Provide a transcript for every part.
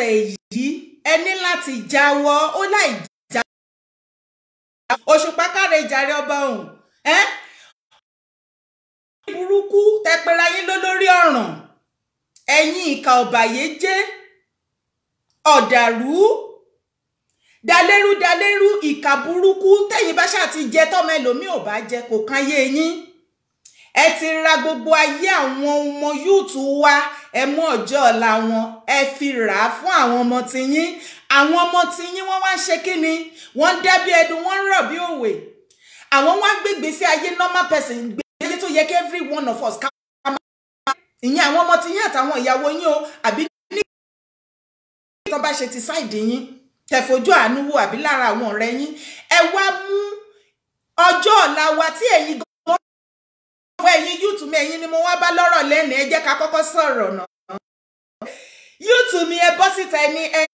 àtẹ èyí ẹ ní láti jáwọ́ ó láì já òṣùpá káre jàre ọba òun ẹ burúkú tẹpẹrẹ ayé ló lórí ọ̀ràn ẹ̀yin ìkà ọ̀bàyéjẹ́ ọ̀dàrú dalérú dalérú ìkà burúkú tẹ̀yin bá ṣáà ti jẹ tọ́mọ ẹlòmíì ò bá jẹ kò kan yé yín ẹ ti ra gbogbo ayé àwọn ọmọ yúùtù wa ẹ mú ọjọ́ ọ̀la wọn ẹ fi rà á fún àwọn ọmọ tiyín àwọn ọmọ tiyín wọ́n wá ń ṣe kí ni wọ́n dẹ́bi ẹdun wọ́n ń rọ̀ bí òwe àwọn wá gbé ìgbésí ayé normal person gbèsè ayé tó yẹ kí every one of us ká máa ìyẹn àwọn ọmọ tiyín àtàwọn ìyàwó yín o àbí ní kí wọ́n bá ṣe ti sáìdì yín tẹ̀fojú àánú wo àbí lára àwọn ọ̀rẹ́ yín ẹ wá mú ọjọ́ ọ̀la wa tí ẹ̀yin ẹ̀yin youth mi ẹ̀yin ni mo wá bá lọ́rọ̀ lẹ́nu ẹ jẹ́ ká kọ́kọ́ sọ̀rọ̀ náà youth mi ẹ bọ́ síta ẹ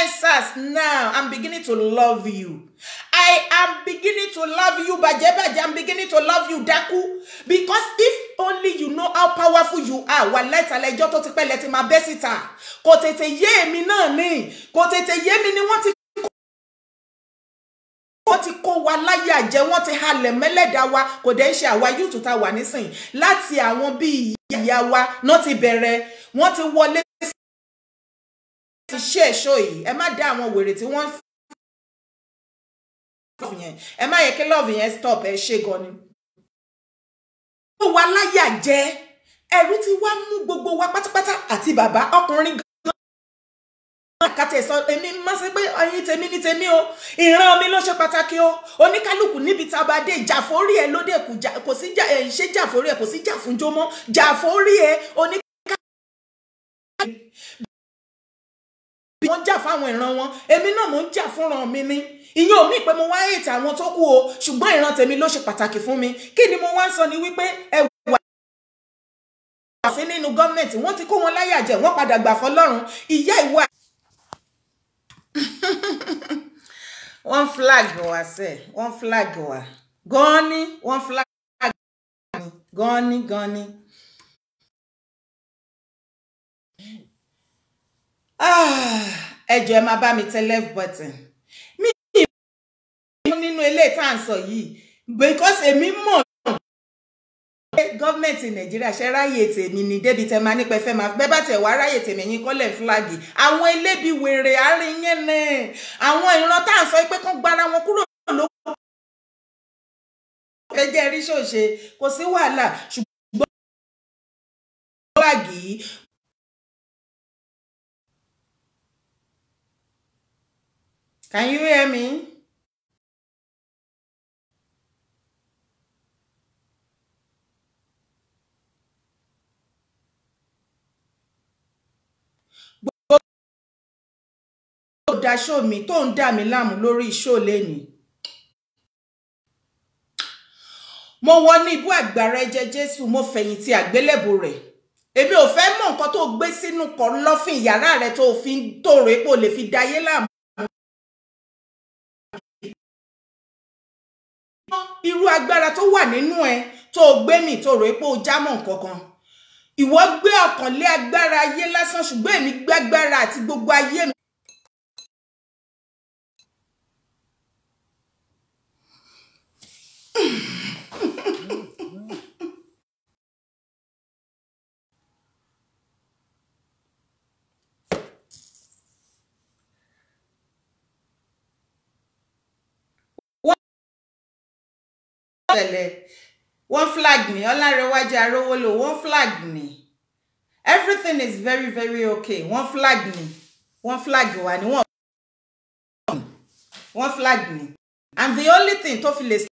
answers now i'm beginning to love you i am beginning to love you bàjẹ́ bàjẹ́ i'm beginning to love you dákú because if only you know how powerful you are wà láìsàlẹ̀ ẹjọ́ tó ti pẹ́ lẹ́tì máa bẹ́ síta kò tètè yé èmi náà ni kò tètè yé mi ni wọ́n ti wa láyé àjẹ́ wọ́n ti halẹ̀ mẹ́lẹ́dá wa kò dẹ̀ ń ṣe àwa yúùtù tá a wà nísìn láti àwọn bíi ìyá ìyá wa náà ti bẹ̀rẹ̀ wọ́n ti wọlé ti ṣe èso yìí ẹ má dá àwọn wèrè tí wọ́n yẹn ẹ má yẹ kí lọ́ọ̀bù yẹn stop ẹ ṣe gan ni. ó wa láyà jẹ ẹrú tí wàá mú gbogbo wa pátápátá àti bàbá ọkùnrin kàtẹ́ sọ èmi má ṣe pé ẹyin tèmi ní tèmi o ìran mi ló ṣe pàtàkì o oníkálukú níbi tá a bá dé ìjàfórí ẹ lóde kò sí ṣe jàfórí ẹ kò sí jàfúnjó mọ́ jàfórí ẹ oníkálukú bí wọ́n jà fáwọn ìran wọn èmi náà mò ń jà fúnra mi ni ìyẹn ò mí pé mo wá ètè àwọn tó kù o ṣùgbọ́n ìran tèmi ló ṣe pàtàkì fún mi kí ni mo wá ń sọ ni wípé ẹ wà sí nínú gọ́ọ̀mẹ̀ntì wọ́n ti kó wọn láyà jẹ wọ́n padà gbà fọlọ́run ìyá ìwà One flag wa sẹ̀ one flag wa Goni, one flag Goni, Goni. Ah, gan ni. Ah, ẹ jọ̀ọ́ ẹ mi tẹ left button mi ì mú nínú ilé tá à ń sọ yìí because èmi mọ̀ gọ́ọ̀mẹ̀ntì nàìjíríà ṣe ráyè tèmi ní débi tẹ máa nípa ẹfẹ́ máa bẹ́ẹ̀ bá tẹ̀ wá ráyè tèmi ẹ̀yìn kọ́lẹ̀ fúlàgì àwọn elébi wèrè àárín yẹn nẹ àwọn ìran tá à ń sọ pé kán gbára wọn kúrò lóko fẹ́jẹ́ rí ṣòṣe kò sí wàhálà ṣùgbọ́n fúlàgì Can you hear me? tó da ṣó mi tó ń dà mí láàmú lórí ṣó lẹ́ni. mo wọ ní ibú àgbàrá ẹ̀jẹ̀ Jésù mo fẹ̀yìntì àgbélébù rẹ̀ èmi ò fẹ́ mọ nǹkan tó gbé sínú kan lọ́fìn yàrá rẹ̀ tó fi ń tòrò epo lè fi dayé láàmú. irú agbára tó wà nínú ẹ tó gbé mi tòrò epo jámọ́ nǹkan ìwọ gbé ọkàn lé agbára ayé lásán ṣùgbọ́n èmi gbàgbára àti gbogbo ayé mi. One, wọ́n flag mi ọlárẹ̀wájú arówólò one flag me. everything is very very okay One flag me. One flag wa ni wọ́n wọ́n flag me. and the only thing tó